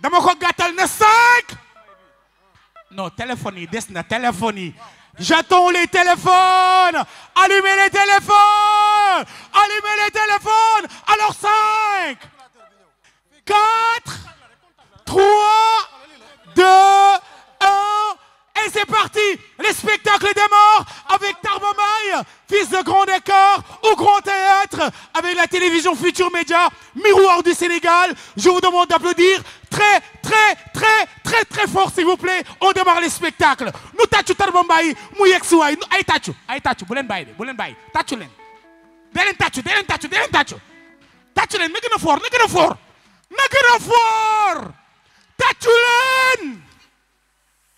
dama ko gàttal ne cinq non téléphone yi des na téléphone yi j'attends les téléphones allumez les téléphones allumez les téléphones alors cinq 4, 3, 2, 1. Et c'est avec Tarbomaille, fils de grand décor, au grand théâtre, avec la télévision Futur Média, miroir du Sénégal. Je vous demande d'applaudir très, très, très, très, fort, s'il vous plaît. On démarre les spectacles. Nous tâchons Tarbomaille, nous yexouaï, nous aïe tâchons, aïe tâchons, len. Delen tâchons, delen len, mais a fort, mais gën a fort. na foor tàccu leen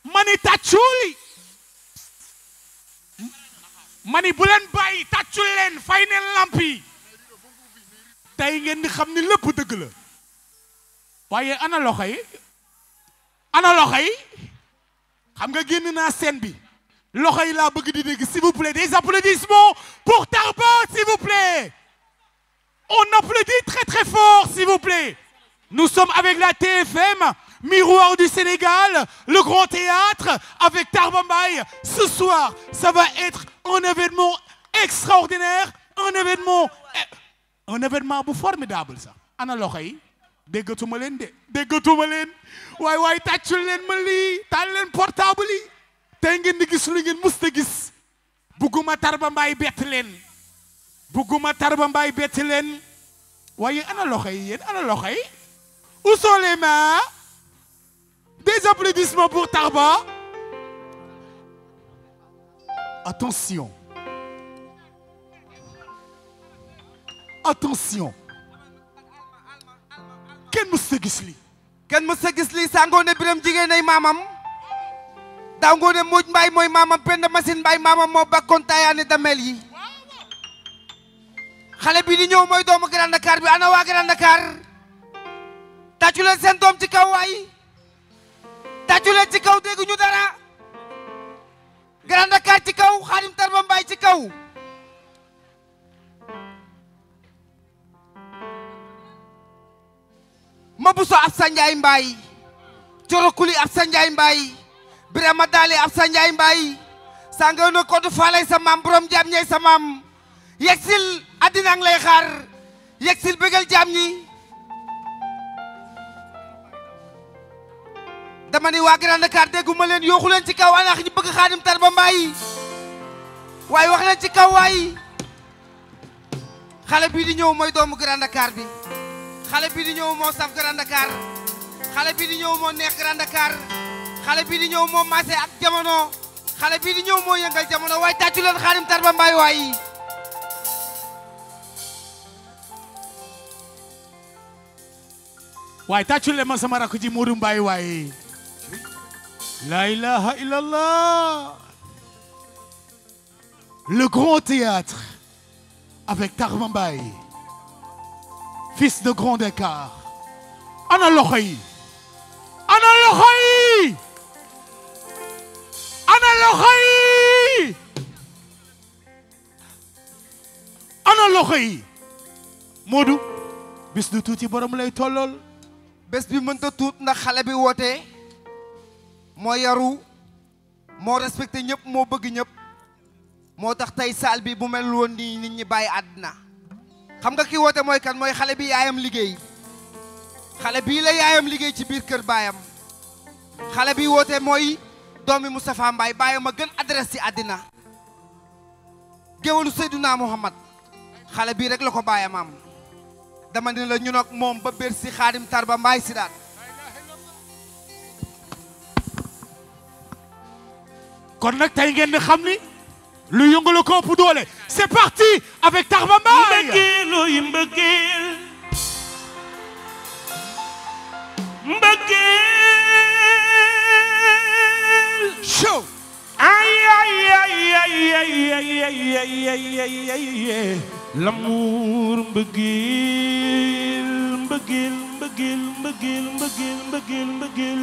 mani tàccul mani bu leen bàyyi tàccul leen fay neen lamp yi ngeen di xam ni lépp dëgg la waaye ana loxo yi ana loxo yi xam nga génn naa scène bi loxo yi laa bëgg di dégg s'il vous plaît des applaudissements pour Tarba s'il vous plaît on applaudit très très fort s'il vous plaît Nous sommes avec la TFM, Miroir du Sénégal, le Grand Théâtre, avec Tarbambaye. Ce soir, ça va être un événement extraordinaire, un événement, eh, un événement bu formidable sax. ana loxo yi déggatuma leen de déggatuma leen waaye waaye tàccul leen ma leen portable yi. tey ngeen di gis lu ngeen mës a gis. bugguma Tarbambaye bett leen. bugguma Tarbambaye bett leen. waaye ana yi. Où sont les mains Des applaudissements pour Tarba. Attention. kenn mës sa gis lii. kenn mës sa gis lii saa ngoone biram jigéen maamam daaw ngoone Mbooj Mbaay mooy maamam Penda Machine Mbaay maamam moo bakkoon taayaane dameel yi xale bi di ñëw mooy doomu Grand Dakar bi ana waa Grand Dakar. tàccu leen seen doom ci kaw waay tàccu ci kaw dégg ñu dara Grand Dakar ci kaw Xaadim Tarba Mbaay ci kaw Mabuso Absa Njaay Mbaay Corokuli Absa Njaay Mbaay Birama Daale Absa Njaay Mbaay sàngaw na ko du faalay sa maam borom jaam ñay sa maam yegsil àddina ngi lay xaar yegsil dama ni waa Grand Dakar dégguma leen ci kaw anaax ñi bëgg xaadim tar ba mbaayi waaye wax leen ci kaw waayi xale bii di ñëw mooy doomu Grand Dakar bi xale bii di ñëw moo saf Grand xale bii di ñëw moo neex Grand xale bii di ñëw moo maase ak jamono xale bii di ñëw moo yëngal jamono waaye tàccu leen xaadim tar ba mbaay leen ma sama rakk ji Modou Mbaye waaye La ilaha illallah. Le grand théâtre avec Tarmambay, fils de grand écart. Ana loxo yi. Ana loxo yi. Ana bis de tuuti borom lay tollool. bés bi mënta tuut ndax xale bi wootee. moo yaru moo respecté ñëpp moo bëgg ñëpp moo tax tey saal bi bu mel woon nii nit ñi bàyyi àddina xam nga ki woote mooy kan mooy xale bi yaayam liggéey xale bii la yaayam liggéey ci biir kër baayam xale bi woote mooy mu Moustapha mbaay baayam a gën adresse ci àddina géwalu Seydouna Muhammad xale bii rek la ko baayam am dama ne la ñu ak moom ba bér si xaadim tarba mbaay si daat kon nag tey ngeen di xam ni lu yëngalu ko ëpp doole c'est parti avec Tarba Mbaye mbëggeelu mbëggeel mbëggeel show ay ay ay ay ay l'amour mbëggeel mbëggeel mbëggeel mbëggeel mbëggeel mbëggeel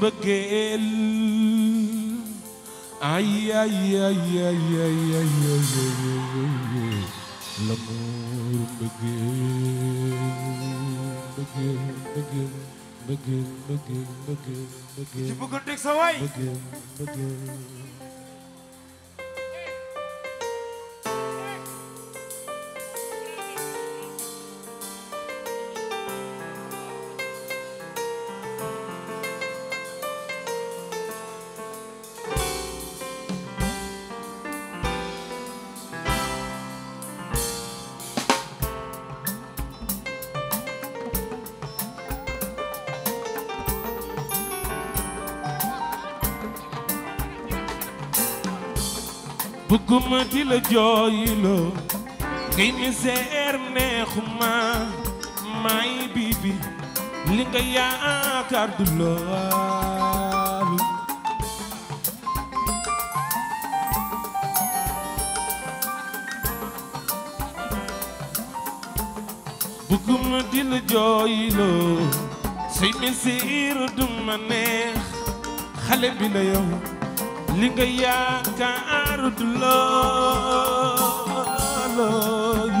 mbëggeel ay ay ay ay ay ay l'amour mbëggeel mbëggeel mbëggeel mbëggeel mbëggeel mbëggeel bëgguma di la jooyloo ngay misère neexuma may bibi li nga yaakaar du loolu bëgguma di la jooyloo say misère du ma neex xale bi la yow li nga yaakaar du lool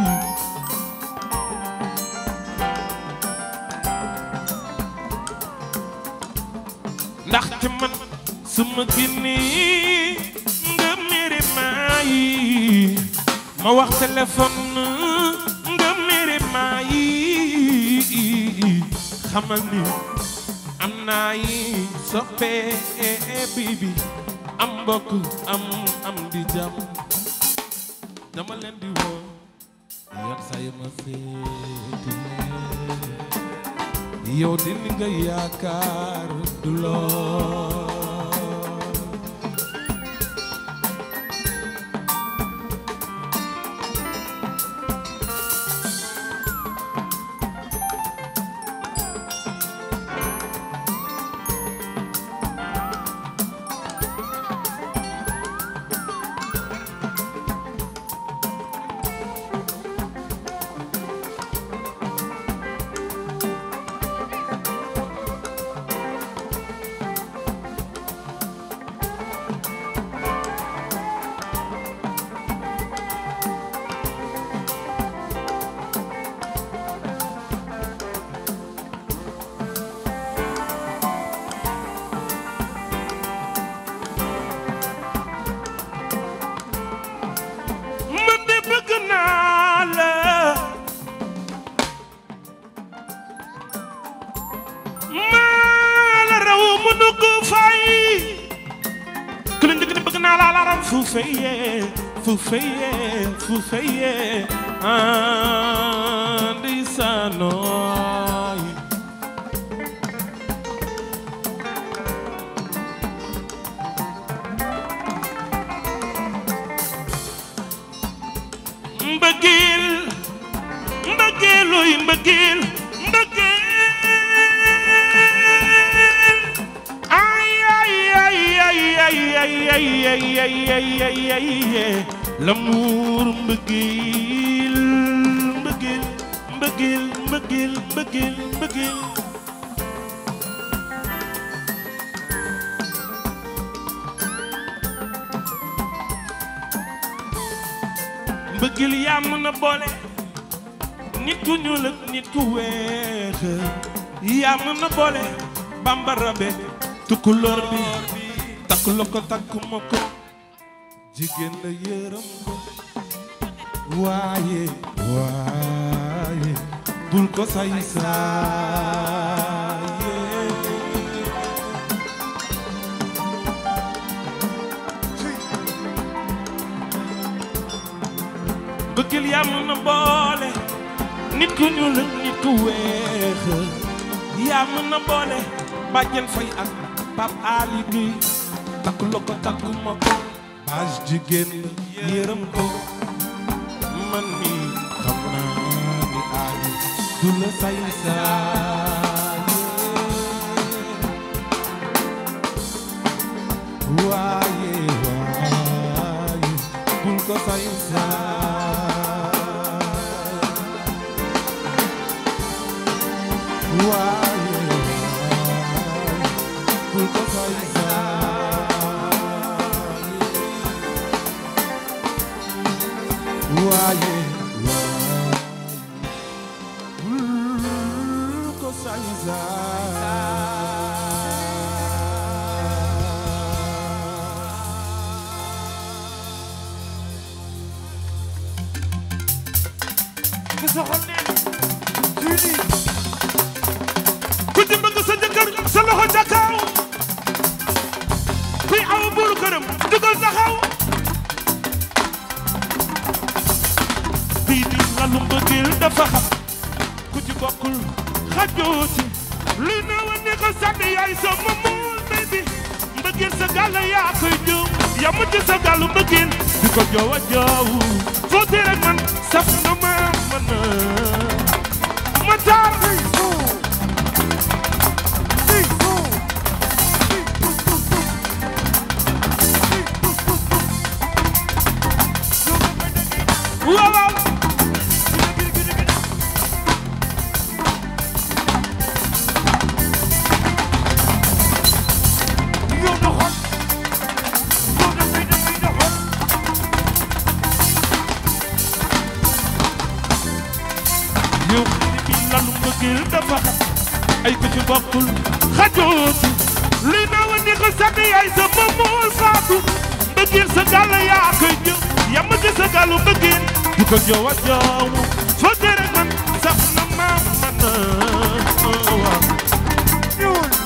ndax ci man su ma génnee nga mere ma wax téléphone nga mere maa xamal ni am naa yi soppee bibi bokk am am di jàmm dama leen di woo yar saa yu ma la la la la fufeye fufeye fufeye andi sanoy ay l'amour mbëggeel mbëggeel mbëggeel mbëggeel mbëggeel mbëggeel mbëggeel yaa mën a boole nit ku ñuul nit ku weex yaa mën a boole bambara be tukulóor bi takk la takk ma jigéen la yërëm ko waaye waaye bul ko say saaye bëggil yàlla na boole nit ku ñuul nit ku weex yàlla na boole bàjjen fay ak Pape Ali takku la ko takku ma ko baas jigéen yërëm mi xam naa ni aali say saay waaye waaye bul say saay loxo kuy aw buuru këram dugal sa xaw bii di lalu mbëggeel dafa xam ku ci bokkul xajoo ci luy naawa ne ko sànni yaay sa mamuul may bi mbëggeel sa gàll yaa koy jëw yaa mujj sa gàllu mbëggeel di ko joowa joow na mën a ma taar bokkul xajootu li na wa ni ko sant sa moom moo faatu mbëggeel sa gàll yaa koy ñëw yam ci sa gàllu mbëggeel du ko joow a joow foo tere man sax na maam oh, oh, oh,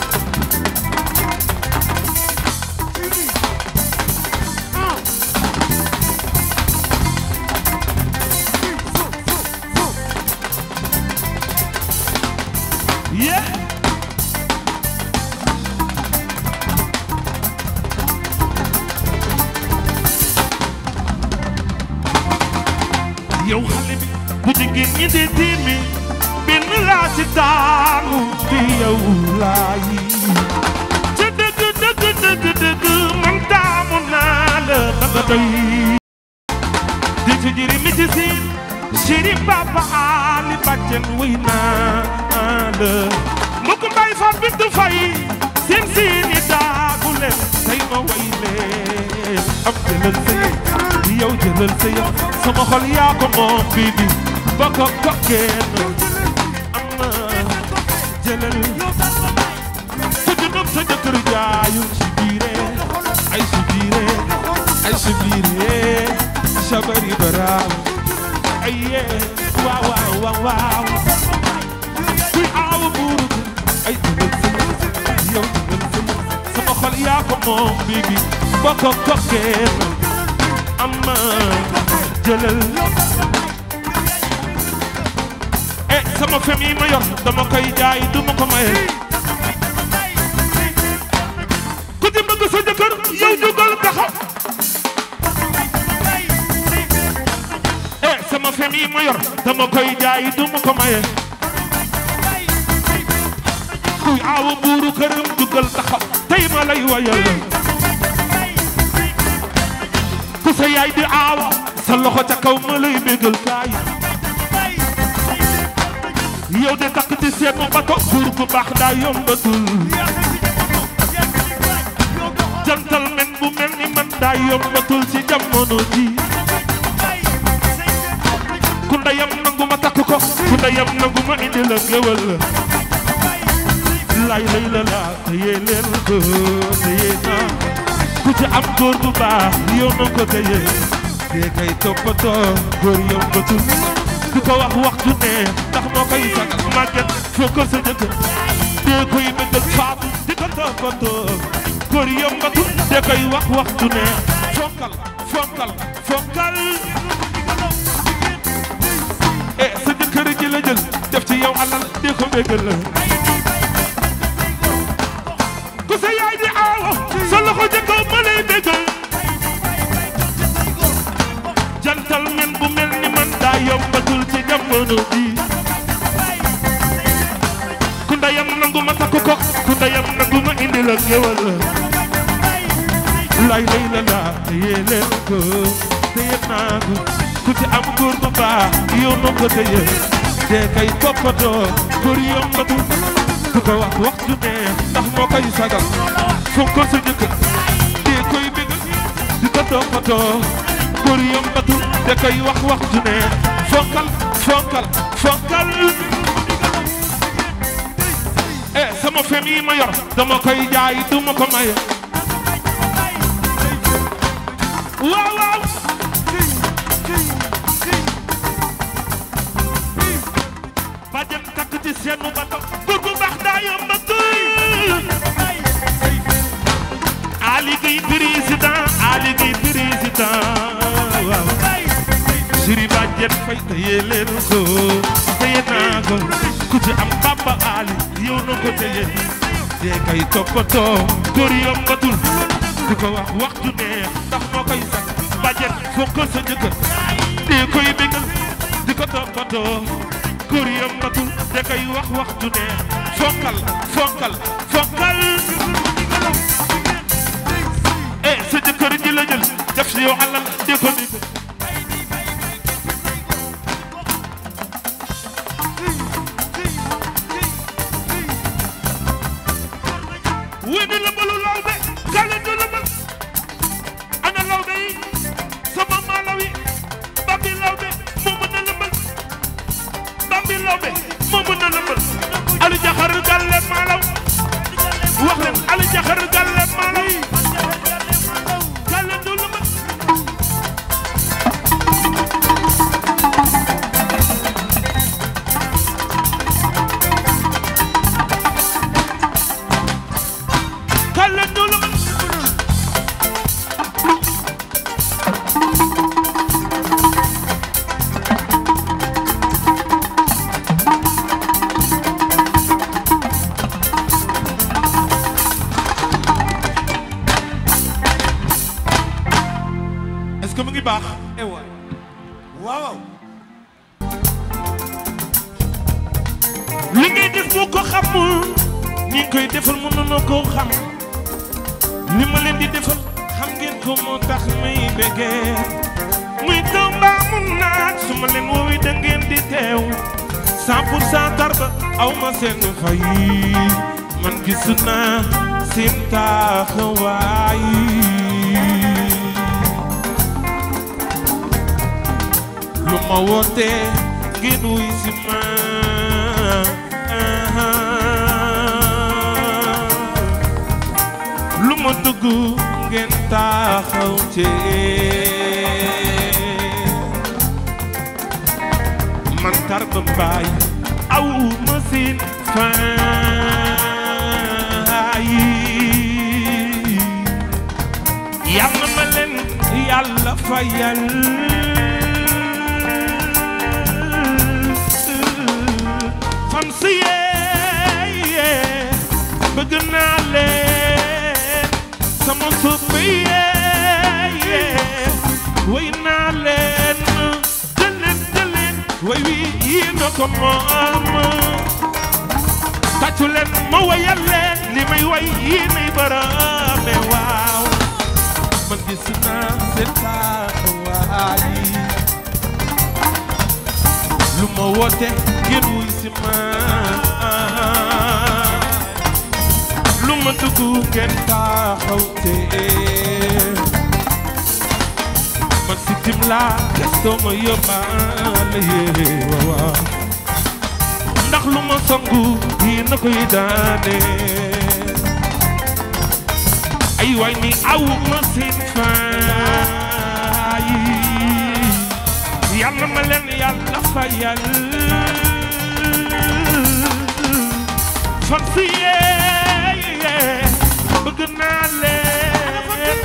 الطيب دي تجري متسين شيرين بابا علي باتن وينا ممكن باي فان بنت فاي سمسيني داغول سيما ويلي ام جلال سي يو جلال سي سما خول ياكو موم بيبي بكو كوكين ام جلال سجنم سجكر جايو ay sibir yee sabari baraam ay yee waaw waaw waaw kuy buuru ay dugal sama yow dugal sama sama xol yaa ko moom biigi bokko kokkee amma jëlal e sama famille ma yor dama koy jaay duma ko maye ku di bëgg sa jëkkër yow lii ma dama koy jaay du ma ko maye kuy aawu buuru këram dugal taxaw tey ma lay wayal ku sa yaay di aawa sa loxo ca kaw ma lay bégal kaay yow de takk ci seenu bato buur bu baax daa yombatul jantal men bu mel ni man daa yombatul ci jamono ji ndeyam nangu ma takk ko ku ndeyam nangu ma indi la géwël lay lay la la téye leen ko téye naa ku ci am góor bu baax yow na ko téye dee kay toppatoo góor yombatul du ko wax wax ju ne ndax moo koy sagal màgget foo ko sa jëkkër dee koy bëggal faatu di ko toppatoo góor yombatul dee koy wax wax ju ne fonkal fonkal fonkal la jël def ci yow alal di ko la ku sa yaay di aawo sa loxo jëkkoo ma lay bégal jantal men bu mel ni man daa yombatul ci jamono bi ku ndayam nangu ma takku ko ku na nangu ma indi la lay lay la laa téye leen naa ku ci am góor bu baax yow noo ko te kay toppatoo góor yombatu du ko wax waxtu ne ndax moo koy sagal fonko sa njëkk te koy bëgg di ko toppatoo góor yombatu kay wax waxtu ne fonkal fonkal fonkal eh, sama famille ma dama koy jaay duma ko may waaw seenu bato góor bu baax daa yomb a tëj Ali Gueye président Ali Gueye président waaw Sëriñ Badiane Faye téye leen ko téye naa ko ku am Papa Ali yow na ko téye te kay toppatoo góor yombatul du ko wax wax ju neex ndax moo koy sax Badiane foog ko sa njëkk te koy bégal di ko toppatoo góor yëmbatu da koy wax wax ju ne fonkal fonkal fonkal eh sa jëkkër ji la jël def si yow alal lu ma woote ngeen wuy si lu ma dugg ngeen taxaw ci man Tarba Mbaye aw ma seen fay yàlla ma leen yàlla fayal yee bëgg naa leen sama soppe yee way naa leen jëleen jëleen way wi yéena ko moom tàccu leen ma wayal leen li may way yéenay baraame waaw man gis naa seen taxawaay lu ma woote ngir wuy ma lu ma dugg ngeen taxaw te man si tim laa gëstoo ma yóbbaale yee waaw ndax lu ma songu yéen a koy daane ay waay aw ma seen faay yàlla ma leen yàlla fayal fan si yee bëgg naa leen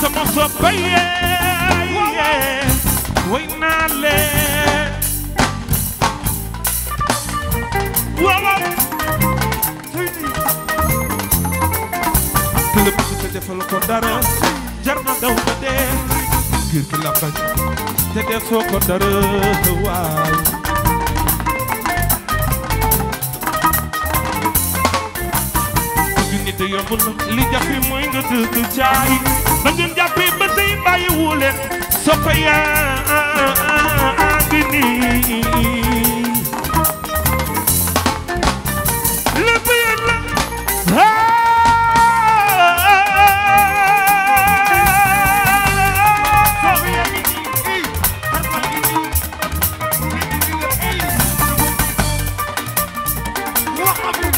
sama soppe yee way naa leen waaw ki la bëgg te defal ko dara jar na daw ba dee ngir ki la bañ te defoo ko dara waaw te yombul li jàppi mooy nga dëgg caay ba ngeen jàppi ba tey bàyyi wu leen soppe yaa ngi nii lépp yéen la Wahab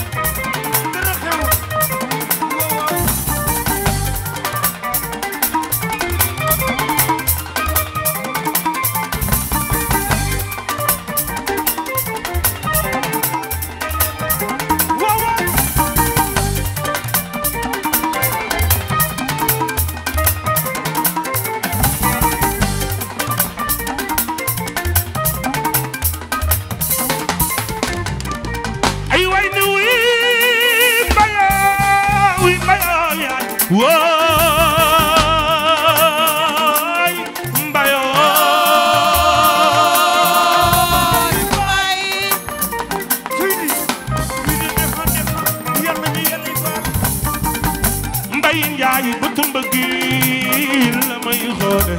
mooy xoole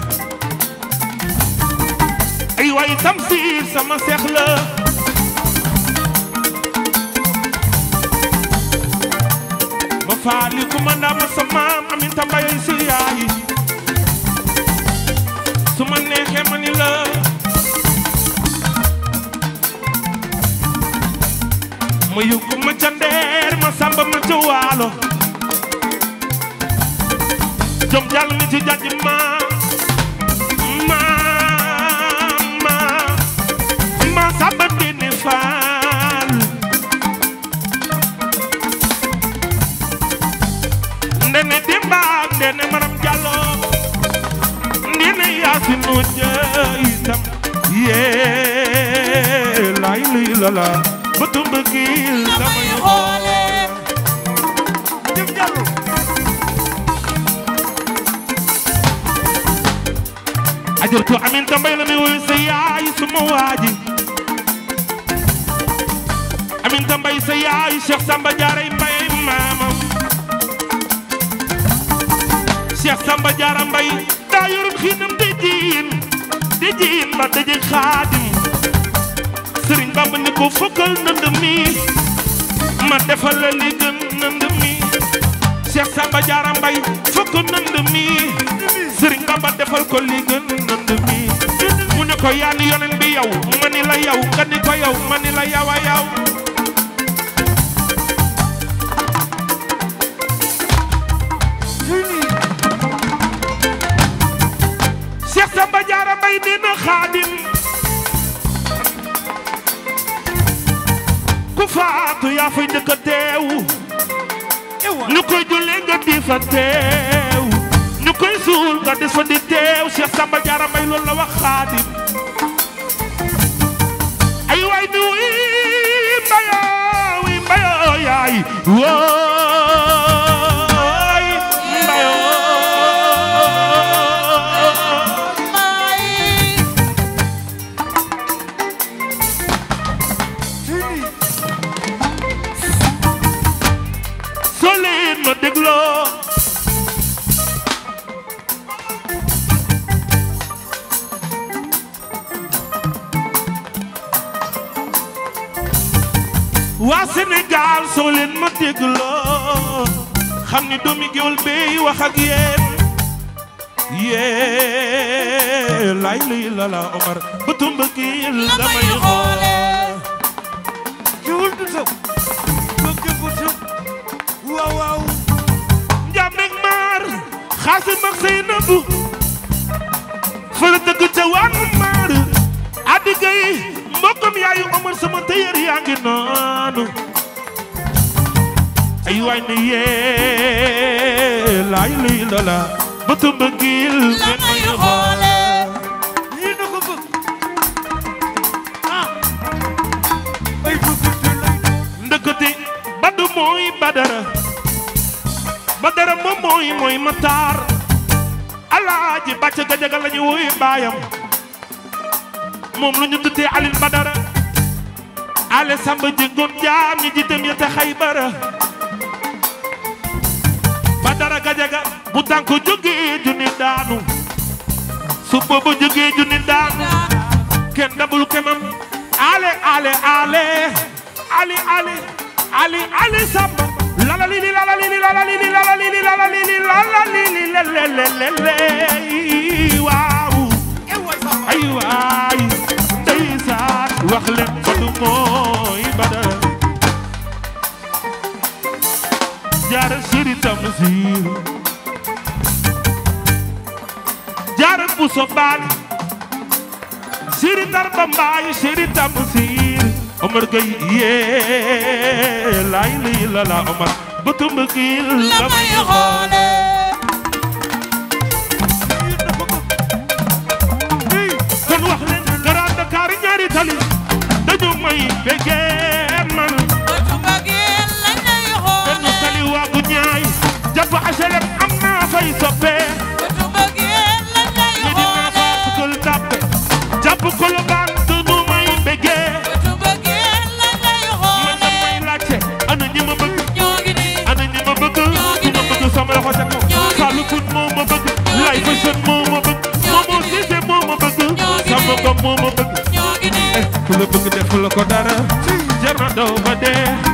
ay waay Tamsir sama seex la ma faali ku ma ndam sama amin tambay su yaay su ma neexee ma ni la ma yóbbu ma ca ndeer ma samba ma ca jom jàll ni ci jàjj ma ma ma ma sàmba dini faal ndene dimba ndene maram jàllo ndene yaasin jëy sam yee lay luy lala ba tumba kiil sama ajartu Aminta Mbaye la may woy sa yaay suma waaji Aminta Mbaye sa yaay Cheikh Samba Diarra Mbaye maamam Cheikh Samba Diarra Mbaye daa yoroon xiinam dëjiin dëjiin ba dëje xaadim Sëriñ Bamba ni ko fokkal ma defal la li gën ndënd mi Cheikh Samba Diarra Mbaye fokk ndënd sëriñ Bamba defal ko li gën nënd mi ko yaan yonen bi yow ma la yow nga ni ko yow ma la yow a yow Cheikh Samba Diarra Mbaye na xaadim ku faatu yaa fay njëkk a teew lu koy jullee nga di fa teew koy suul nga des fa di teew Cheikh Samba Diarra Mbaye loolu la wax xaadim ay waay bi wuy mbayoo wuy mbayoo yaay woo waa Sénégal soo leen ma dégloo xam ni doomi géwél bey wax ak yéen yée lay lay la la Omar bëtu mbëggeel damay xoole géwél du tëb bëgg bu tëb waaw waaw njaam nag maar xaasim ak Seynabu fële dëgg ca waan maar addi gay mbokkam yaayu Omar sama tëyër yaa ngi noonu ay waay ni yee laay luy lala bëtu mbëggil la may xoole lii nu ko bëgg ah ay bëgg ndëkkati badu mooy badara badara moom mooy mooy mataar alaaji bàcc gajaga la ñu wuy baayam moom la ñu tuddee Alioune Badara ale samba jéngoon jaam ñi jitam yete xaybara Badara Gajaga bu tànk jógee junni daanu su booba jógee junni daanu kenn dabul kemam ale ale ale ali ali ali ali samba lalalili lalalili lalalili lalalili lalalili lalalili ay waay wax leen ko du mooy badara jaara sëri tamsiir jaara buso baali sëri tarba mbaay sëri tamsiir omar gay yee lay lay la la omar la may xoole ñaari tali may bëggee man dootu bëggeel lañ lay xoole dañu tali am naa fay soppee dootu bëggeel lañ lay xoole ñu dina faat kul tàppe jàpp kul baan dunu may bëggee dootu bëggeel lañ lay sama loxo ca kaw Fallou Kout moo ma bëgg Laye Fashion moo ma ma bëgg sama gom moo ma bëgg ku la bëgg defal ko dara. jama doo ba dee.